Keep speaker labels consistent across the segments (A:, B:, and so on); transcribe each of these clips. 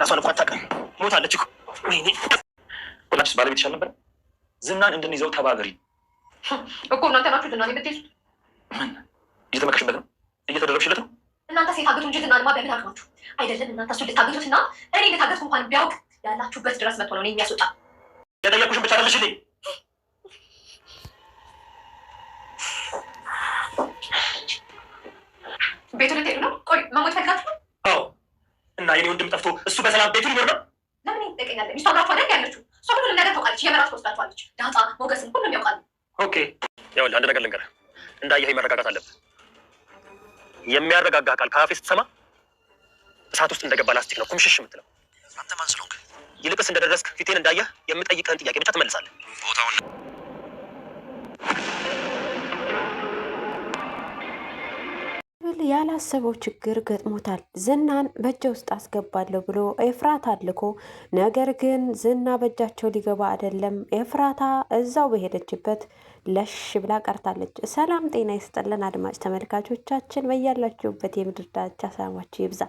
A: ራሷን እኮ አታውቅም፣ ሞታለች። ባለቤትሽ አልነበረም? ዝናን እንድንይዘው ተባበሪ
B: እኮ እናንተ ናችሁ። ዝናን የምትይዙት
A: ምን? እየተመከሽበት ነው፣ እየተደረብሽለት ነው።
B: እናንተ ሴታገቱ እንጂ ዝናንማ በምን አድርጋችሁ አይደለም። እናንተ እሱ ልታገቱት እና እኔ ልታገቱ እንኳን ቢያውቅ ያላችሁበት ድረስ መጥቶ ነው እኔ የሚያስወጣ የጠየቁሽን ብቻ ቤቱ ልትሄዱ ነው? ቆይ መሞት ፈልጋችሁ ነው?
A: አዎ። እና የኔ ወንድም ጠፍቶ እሱ በሰላም ቤቱ ሊኖር ነው?
B: ለምን ይጠቀኛለ? ሚስቷ ጋር ሆነ ያለችው እሷ ሁሉ ነገር ታውቃለች። የመራት ወስዳችኋለች። ዳጣ ሞገስም ሁሉም ያውቃሉ።
A: ኦኬ፣ ይኸውልህ አንድ ነገር ልንገርህ። እንዳየህ መረጋጋት አለብህ። የሚያረጋጋ ቃል ከአፌ ስትሰማ እሳት ውስጥ እንደገባ ላስቲክ ነው ኩምሽሽ የምትለው። አንተ ማን ስለሆንክ ይልቅስ እንደደረስክ ፊቴን እንዳየህ የምጠይቅህን ጥያቄ ብቻ ትመልሳለህ። ቦታውን
C: ያላሰበው ችግር ገጥሞታል። ዝናን በእጄ ውስጥ አስገባለሁ ብሎ ኤፍራታ አልኮ፣ ነገር ግን ዝና በእጃቸው ሊገባ አይደለም። ኤፍራታ እዛው በሄደችበት ለሽ ብላ ቀርታለች። ሰላም ጤና ይስጥልን አድማጭ ተመልካቾቻችን በያላችሁበት የምድር ዳርቻ ሰላማችሁ ይብዛ።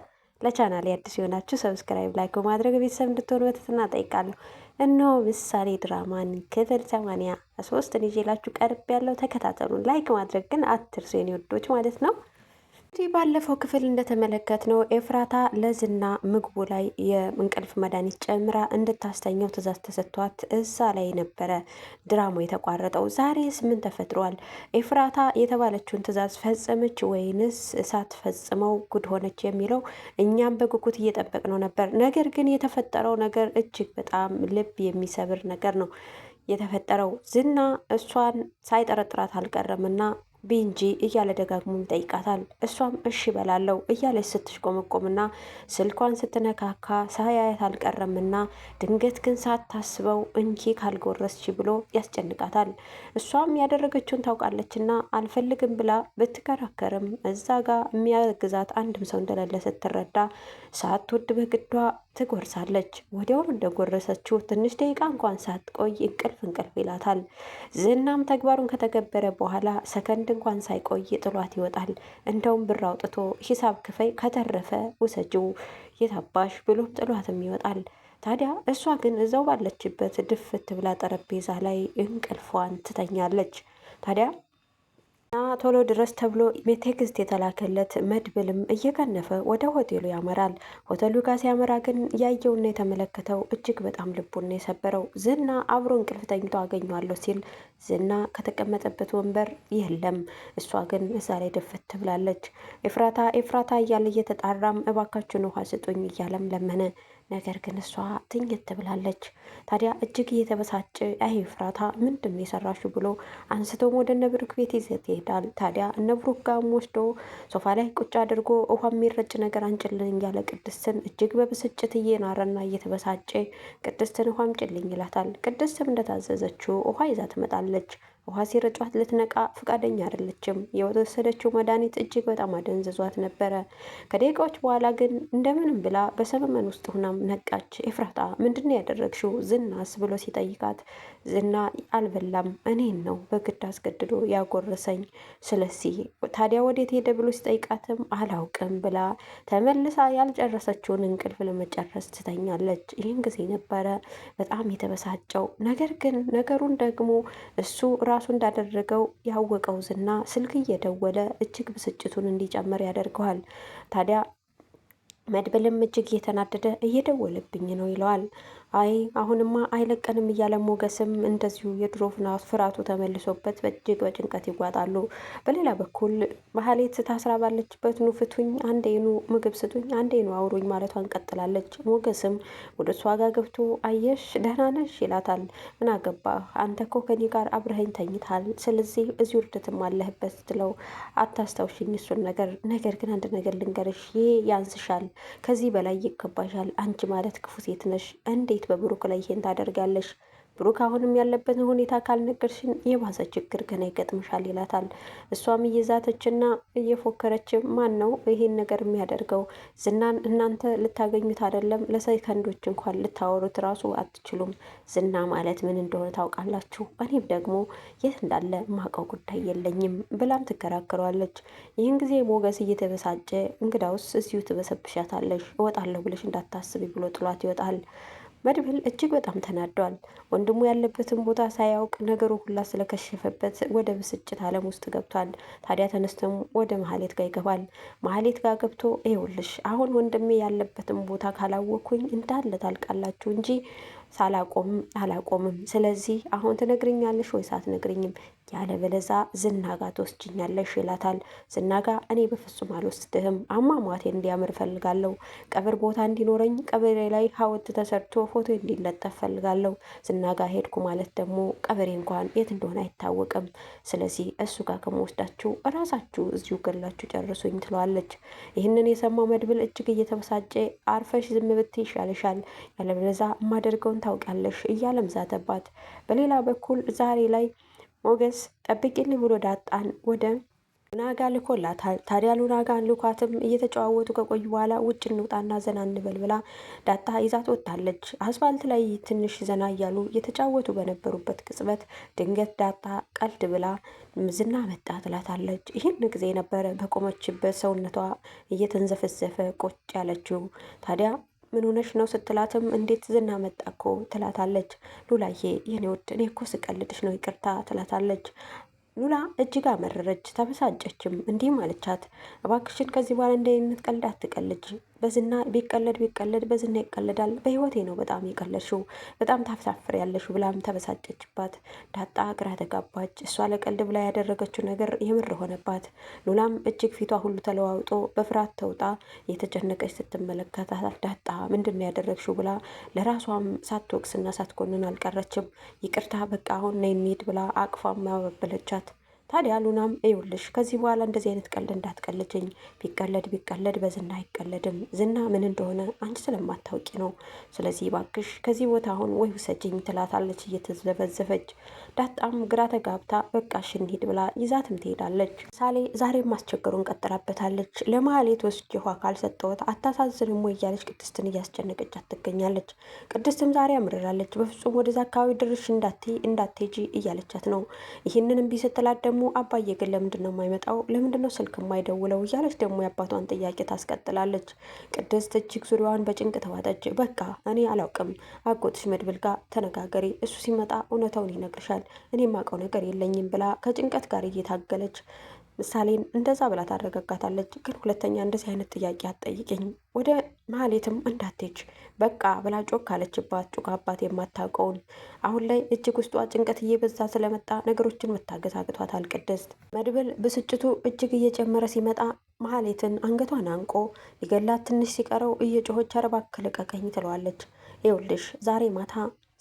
C: ለቻናል አዲስ የሆናችሁ ሰብስክራይብ፣ ላይክ በማድረግ ቤተሰብ እንድትሆኑ በትህትና እጠይቃለሁ። እነሆ ምሳሌ ድራማን ክፍል ሰማንያ ሶስትን ይዤላችሁ ቀርብ ያለው ተከታተሉን። ላይክ ማድረግ ግን አትርሱ የኔ ወዶች ማለት ነው። እንግዲህ ባለፈው ክፍል እንደተመለከትነው ኤፍራታ ለዝና ምግቡ ላይ የእንቅልፍ መድኃኒት ጨምራ እንድታስተኘው ትእዛዝ ተሰጥቷት እዛ ላይ ነበረ ድራማ የተቋረጠው። ዛሬስ ምን ተፈጥሯል? ኤፍራታ የተባለችውን ትእዛዝ ፈጸመች ወይንስ ሳትፈጽመው ጉድ ሆነች የሚለው እኛም በጉጉት እየጠበቅነው ነበር። ነገር ግን የተፈጠረው ነገር እጅግ በጣም ልብ የሚሰብር ነገር ነው የተፈጠረው ዝና እሷን ሳይጠረጥራት አልቀረምና ቤንጂ እያለ ደጋግሞ ይጠይቃታል። እሷም እሺ በላለው እያለች ስትሽቆመቆምና ስልኳን ስትነካካ ሳያያት አልቀረምና ድንገት ግን ሳታስበው እንኪ ካልጎረስች ብሎ ያስጨንቃታል። እሷም ያደረገችውን ታውቃለችና አልፈልግም ብላ ብትከራከርም እዛ ጋር የሚያግዛት አንድም ሰው እንደሌለ ስትረዳ ሳትወድ በግዷ ትጎርሳለች። ወዲያውም እንደጎረሰችው ትንሽ ደቂቃ እንኳን ሳትቆይ እንቅልፍ እንቅልፍ ይላታል። ዝናም ተግባሩን ከተገበረ በኋላ ሰከንድ እንኳን ሳይቆይ ጥሏት ይወጣል። እንደውም ብር አውጥቶ ሂሳብ ክፈይ፣ ከተረፈ ውሰጂው የታባሽ ብሎም ጥሏትም ይወጣል። ታዲያ እሷ ግን እዛው ባለችበት ድፍት ብላ ጠረጴዛ ላይ እንቅልፏን ትተኛለች። ታዲያ ና ቶሎ ድረስ ተብሎ ቴክስት የተላከለት መድብልም እየቀነፈ ወደ ሆቴሉ ያመራል። ሆቴሉ ጋር ሲያመራ ግን ያየውና የተመለከተው እጅግ በጣም ልቡን የሰበረው ዝና አብሮ እንቅልፍ ተኝቶ አገኘዋለሁ ሲል ዝና ከተቀመጠበት ወንበር የለም። እሷ ግን እዛ ላይ ድፍት ትብላለች። ኤፍራታ ኤፍራታ እያለ እየተጣራም እባካችን ውሃ ስጡኝ እያለም ለመነ። ነገር ግን እሷ ትኝት ትብላለች። ታዲያ እጅግ እየተበሳጨ አይ ፍራታ ምንድን ነው የሰራሹ ብሎ አንስቶም ወደ ነብሩክ ቤት ይዘት ይሄዳል። ታዲያ ነብሩክ ጋም ወስዶ ሶፋ ላይ ቁጭ አድርጎ ውሃ የሚረጭ ነገር አንጭልኝ ያለ ቅድስትን እጅግ በብስጭት እየናረና እየተበሳጨ ቅድስትን ውሃ አምጭልኝ ይላታል። ቅድስትም እንደታዘዘችው ውሃ ይዛ ትመጣለች። ውሃ ሲረጫት ልትነቃ ፈቃደኛ አይደለችም። የወሰደችው መድኃኒት እጅግ በጣም አደንዝዟት ነበረ። ከደቂቃዎች በኋላ ግን እንደምንም ብላ በሰመመን ውስጥ ሁናም ነቃች። ኤፍራታ ምንድን ነው ያደረግሽው? ዝናስ ብሎ ሲጠይቃት ዝና አልበላም እኔን ነው በግድ አስገድዶ ያጎረሰኝ። ስለዚህ ታዲያ ወዴት ሄደ ብሎ ሲጠይቃትም አላውቅም ብላ ተመልሳ ያልጨረሰችውን እንቅልፍ ለመጨረስ ትተኛለች። ይህን ጊዜ ነበረ በጣም የተበሳጨው። ነገር ግን ነገሩን ደግሞ እሱ ራሱ እንዳደረገው ያወቀው ዝና ስልክ እየደወለ እጅግ ብስጭቱን እንዲጨምር ያደርገዋል። ታዲያ መድብልም እጅግ እየተናደደ እየደወለብኝ ነው ይለዋል። አይ አሁንማ አይለቀንም እያለ ሞገስም እንደዚሁ የድሮ ፍርሃቱ ተመልሶበት በእጅግ በጭንቀት ይጓጣሉ። በሌላ በኩል መሀሌት ታስራ ባለችበት ኑ ፍቱኝ፣ አንዴኑ ምግብ ስጡኝ፣ አንዴኑ አውሩኝ ማለቷን ቀጥላለች። ሞገስም ወደ እሷ ጋ ገብቶ አየሽ ደህና ነሽ ይላታል። ምን አገባ አንተ እኮ ከኔ ጋር አብረኸኝ ተኝታል፣ ስለዚህ እዚህ ውርደትም አለህበት ስትለው አታስታውሽኝ እሱን ነገር ነገር ግን አንድ ነገር ልንገርሽ፣ ይሄ ያንስሻል፣ ከዚህ በላይ ይገባሻል። አንቺ ማለት ክፉ ሴት ነሽ እንዴት እንዴት በብሩክ ላይ ይሄን ታደርጋለሽ? ብሩክ አሁንም ያለበትን ሁኔታ ካልነገርሽን የባሰ ችግር ገና ይገጥምሻል ይላታል። እሷም እየዛተችና እየፎከረች ማን ነው ይሄን ነገር የሚያደርገው? ዝናን እናንተ ልታገኙት አይደለም፣ ለሰከንዶች እንኳን ልታወሩት ራሱ አትችሉም። ዝና ማለት ምን እንደሆነ ታውቃላችሁ። እኔም ደግሞ የት እንዳለ ማቀው ጉዳይ የለኝም ብላም ትከራክሯለች። ይህን ጊዜ ሞገስ እየተበሳጨ እንግዳውስ እዚሁ ትበሰብሻታለሽ፣ እወጣለሁ ብለሽ እንዳታስቢ ብሎ ጥሏት ይወጣል። መድብል እጅግ በጣም ተናዷል። ወንድሙ ያለበትን ቦታ ሳያውቅ ነገሩ ሁላ ስለከሸፈበት ወደ ብስጭት ዓለም ውስጥ ገብቷል። ታዲያ ተነስቶም ወደ መሀሌት ጋር ይገባል። መሀሌት ጋር ገብቶ ይኸውልሽ አሁን ወንድሜ ያለበትን ቦታ ካላወኩኝ እንዳለ ታልቃላችሁ እንጂ ሳላቆምም አላቆምም። ስለዚህ አሁን ትነግርኛለሽ ወይስ አትነግርኝም? ያለበለዛ ዝና ጋ ትወስጅኛለሽ ይላታል። ዝና ጋ እኔ በፍጹም አልወስድህም፣ አሟሟቴ እንዲያምር ፈልጋለሁ። ቀብር ቦታ እንዲኖረኝ፣ ቀብሬ ላይ ሐውልት ተሰርቶ ፎቶ እንዲለጠፍ ፈልጋለሁ። ዝና ጋ ሄድኩ ማለት ደግሞ ቀብሬ እንኳን የት እንደሆነ አይታወቅም። ስለዚህ እሱ ጋር ከመወስዳችሁ እራሳችሁ እዚሁ ገላችሁ ጨርሱኝ ትለዋለች። ይህንን የሰማው መድብል እጅግ እየተበሳጨ አርፈሽ ዝም ብትይ ይሻልሻል፣ ያለበለዛ የማደርገውን ታውቂያለሽ እያለም ዛተባት። በሌላ በኩል ዛሬ ላይ ሞገስ ጠብቂልኝ ብሎ ዳጣን ወደ ሉናጋ ልኮላታል። ታዲያ ሉናጋ ልኳትም እየተጨዋወቱ ከቆዩ በኋላ ውጭ እንውጣና ዘና እንበል ብላ ዳጣ ይዛት ወጥታለች። አስፋልት ላይ ትንሽ ዘና እያሉ እየተጫወቱ በነበሩበት ቅጽበት ድንገት ዳጣ ቀልድ ብላ ዝና መጣ ትላታለች። ይህን ጊዜ ነበረ በቆመችበት ሰውነቷ እየተንዘፈዘፈ ቁጭ ያለችው ታዲያ ምን ሆነሽ ነው ስትላትም እንዴት ዝና መጣ እኮ ትላታለች። ሉላዬ የኔ ውድ እኔ እኮ ስቀልድሽ ነው ይቅርታ ትላታለች። ሉላ እጅግ አመረረች፣ ተበሳጨችም። እንዲህም ማለቻት እባክሽን ከዚህ በኋላ እንደ አይነት ቀልድ አትቀልጅ በዝና ቢቀለድ ቢቀለድ በዝና ይቀለዳል። በህይወቴ ነው በጣም የቀለድሽው፣ በጣም ታፍታፍር ያለሽው ብላም ተበሳጨችባት። ዳጣ ግራ ተጋባች። እሷ ለቀልድ ብላ ያደረገችው ነገር የምር ሆነባት። ሉላም እጅግ ፊቷ ሁሉ ተለዋውጦ በፍርሃት ተውጣ የተጨነቀች ስትመለከታት ዳጣ ምንድን ነው ያደረግሽው ብላ ለራሷም ሳትወቅስና ሳትኮንን አልቀረችም። ይቅርታ በቃ አሁን ነይ እንሂድ ብላ አቅፋም ማበበለቻት ታዲያ ሉናም እዩልሽ፣ ከዚህ በኋላ እንደዚህ አይነት ቀልድ እንዳትቀልጅኝ፣ ቢቀለድ ቢቀለድ በዝና አይቀለድም። ዝና ምን እንደሆነ አንቺ ስለማታውቂ ነው። ስለዚህ ባክሽ ከዚህ ቦታ አሁን ወይ ውሰጅኝ ትላታለች እየተዘበዘፈች። ዳጣም ግራ ተጋብታ በቃሽ እንሂድ ብላ ይዛትም ትሄዳለች። ሳሌ ዛሬም ማስቸገሩን ቀጥላበታለች። ለማህሌት ወስጄ ውሃ ካልሰጠሁት አታሳዝንም ወይ እያለች ቅድስትን እያስጨነቀቻት ትገኛለች። ቅድስትም ዛሬ አምርራለች። በፍጹም ወደዛ አካባቢ ድርሽ እንዳትሄጂ እያለቻት ነው። ይህንንም ቢስትላት ደግሞ ደግሞ አባዬ ግን ለምንድን ነው የማይመጣው? ለምንድን ነው ስልክ የማይደውለው? እያለች ደግሞ የአባቷን ጥያቄ ታስቀጥላለች። ቅድስት እጅግ ዙሪያዋን በጭንቅ ተዋጠች። በቃ እኔ አላውቅም፣ አጎትሽ መድብል ጋር ተነጋገሪ፣ እሱ ሲመጣ እውነታውን ይነግርሻል፣ እኔ የማውቀው ነገር የለኝም ብላ ከጭንቀት ጋር እየታገለች ምሳሌን እንደዛ ብላ ታረጋጋታለች። ግን ሁለተኛ እንደዚህ አይነት ጥያቄ አትጠይቀኝ፣ ወደ ማህሌትም እንዳትች በቃ ብላ ጮክ አለችባት። ጮክ አባት የማታውቀውን አሁን ላይ እጅግ ውስጧ ጭንቀት እየበዛ ስለመጣ ነገሮችን መታገስ አቅቷታል። ቅድስት መድብል ብስጭቱ እጅግ እየጨመረ ሲመጣ ማህሌትን አንገቷን አንቆ ሊገላት ትንሽ ሲቀረው እየጮኸች አረባክ ልቀቀኝ ትለዋለች። ይኸውልሽ ዛሬ ማታ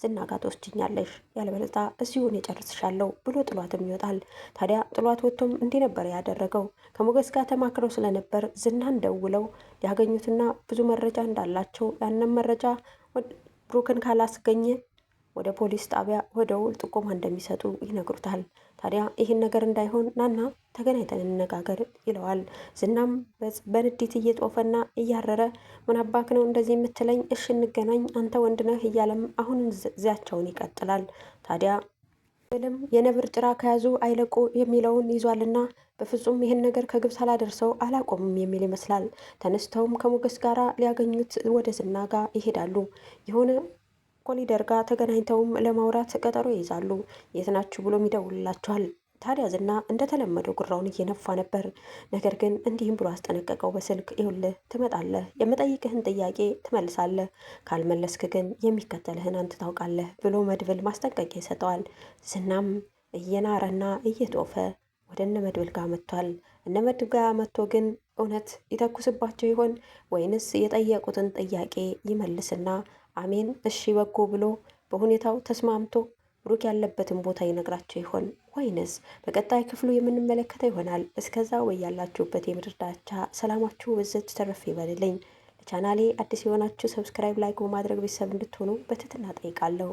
C: ዝናጋ ትወስጅኛለሽ፣ እዚሁ እዚሁን የጨርስሻለሁ ብሎ ጥሏትም ይወጣል። ታዲያ ጥሏት ወጥቶም እንዲህ ነበር ያደረገው። ከሞገስ ጋር ተማክረው ስለነበር ዝናን ደውለው ሊያገኙትና ብዙ መረጃ እንዳላቸው ያንን መረጃ ብሩክን ካላስገኘ ወደ ፖሊስ ጣቢያ ወደውል ጥቆማ እንደሚሰጡ ይነግሩታል። ታዲያ ይህን ነገር እንዳይሆን ናና ተገናኝተን እንነጋገር ይለዋል። ዝናም በንዴት እየጦፈና እያረረ ምናባክ ነው እንደዚህ የምትለኝ? እሽ እንገናኝ፣ አንተ ወንድ ነህ እያለም አሁን ዚያቸውን ይቀጥላል። ታዲያ ብልም የነብር ጭራ ከያዙ አይለቁ የሚለውን ይዟልና በፍጹም ይህን ነገር ከግብ ሳላደርሰው አላቆምም የሚል ይመስላል። ተነስተውም ከሞገስ ጋራ ሊያገኙት ወደ ዝና ጋር ይሄዳሉ የሆነ ኮሊደር ጋር ተገናኝተውም ለማውራት ቀጠሮ ይይዛሉ። የት ናችሁ ብሎም ይደውልላቸዋል። ታዲያ ዝና እንደተለመደው ጉራውን እየነፋ ነበር። ነገር ግን እንዲህም ብሎ አስጠነቀቀው በስልክ ይኸውልህ፣ ትመጣለህ፣ የምጠይቅህን ጥያቄ ትመልሳለህ፣ ካልመለስክ ግን የሚከተልህን አንተ ታውቃለህ ብሎ መድብል ማስጠንቀቂያ ይሰጠዋል። ዝናም እየናረና እየጦፈ ወደ እነ መድብል ጋር መጥቷል። እነ መድብ ጋር መጥቶ ግን እውነት ይተኩስባቸው ይሆን ወይንስ የጠየቁትን ጥያቄ ይመልስና አሜን እሺ በጎ ብሎ በሁኔታው ተስማምቶ ብሩክ ያለበትን ቦታ ይነግራቸው ይሆን ወይንስ በቀጣይ ክፍሉ የምንመለከተው ይሆናል። እስከዛ ወይ ያላችሁበት የምድር ዳርቻ ሰላማችሁ በዘት ተረፍ ይበልልኝ። ለቻናሌ አዲስ የሆናችሁ ሰብስክራይብ፣ ላይክ በማድረግ ቤተሰብ እንድትሆኑ በትህትና ጠይቃለሁ።